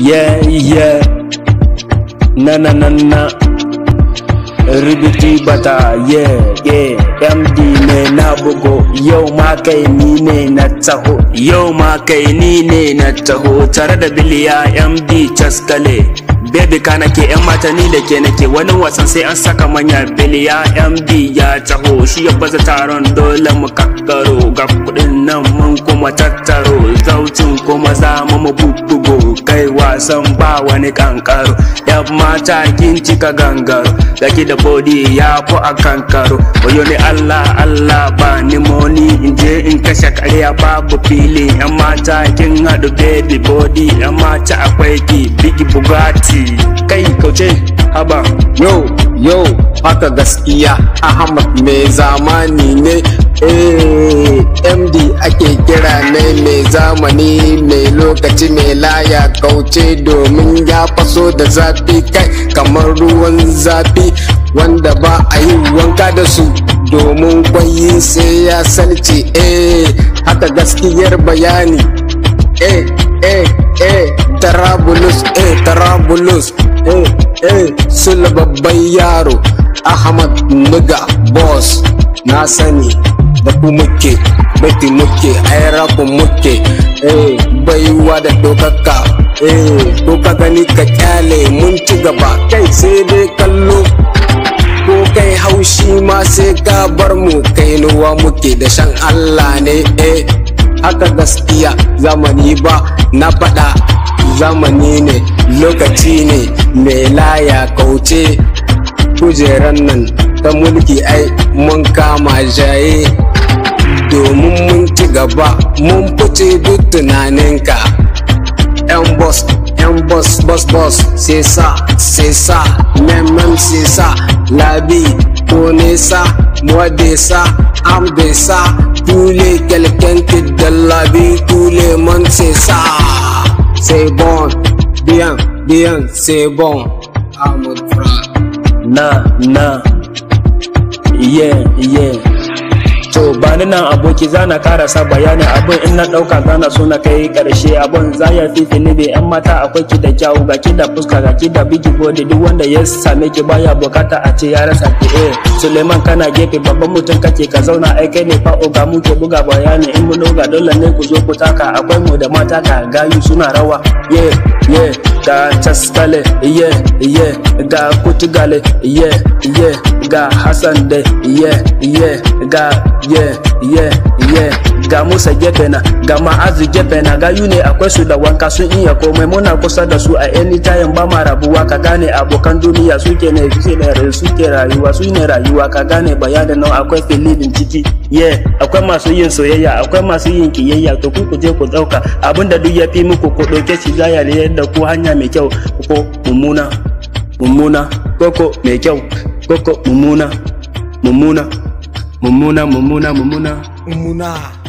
yeah yeah na na na na ribiti bata yeah yeah md ne na bugo yau ma kai ni ne na taho yau ma kai ni ne na taho tare da biliya md caskale baby ka nake yan mata ni da ke nake wani wasan sai an saka manya biliya md ya taho shi ya baza taron dole mu kakkaro ga kudin nan mun kuma tattaro zaucin kuma za mu bubugo san ba wani kankaro yan mata kin cika gangaro gaki da bodi ya fi a kankaro wayo ne allah allah ba ni moni in je in kashe karya babu fili yan mata kin haɗu baby body yan mata akwai ki big bugatti kai kauce haba yo yo haka gaskiya ahmad mai zamani ne eh md ake kira ne mai zamani mai lo ji mai laya kauce domin ya faso da zafi kai kamar ruwan zafi wanda ba a yi wanka da su domin kwayi sai ya salce eh haka gaskiyar bayani eh eh eh tarabulus eh tarabulus eh eh sula yaro ahmad muga boss na sani da ku muke baki muke ayyara ku muke Eh, baiwa da ɗaukaka eh, to ka gani ka kyale mun ci gaba kai sai dai kallo ko kai haushi ma sai ka bar mu kai nuwa muke da shan Allah ne eh haka gaskiya zamani ba na faɗa zamani ne lokaci ne mai laya kauce kujeran nan ta mulki ai mun kama jaye domin mun ci gaba mun fice duk tunaninka yan bos yan bos bos bos sesa sesa memem sesa sa labi ko nesa mwadesa amdesa tule kyalkyanki labi tule man sesa sa sai bon biyan biyan sai bon amurfra na na yeah yeah to ba nan aboki zana karasa bayani abin in na dauka zana so na kai karshe abin zaya fifi ne be yan mata akwai ki da kyawu ga ki da fuska ga ki da bigi body duk wanda ya same ki baya bukata a ce ya rasa ki eh Suleiman kana gefe babban mutum kake ka zauna ai kai ne fa oga mu ke buga bayani in mu doga dole ne ku zo ku taka akwai mu da mata ka gayu suna rawa yeah yeah ga chaskale ye ye ga kutigale ye ye ga hasande ye ye ga ye ye yeah ga musa gefe ga ma gefe na ga yune akwai su da wanka in iya komai muna kusa da su a time ba ma rabuwa ka gane abokan duniya suke ne suke rayuwa su ne rayuwa ka gane bayanin nan akwai filibin ciki ye akwai masu yin soyayya akwai masu yin kiyayya to ku je ku dauka abinda duk ya fi muku ku dauke shi zaya ne yadda ku hanya mai kyau ko mummuna mummuna koko mai kyau koko mummuna mummuna mummuna mummuna mummuna Umuna.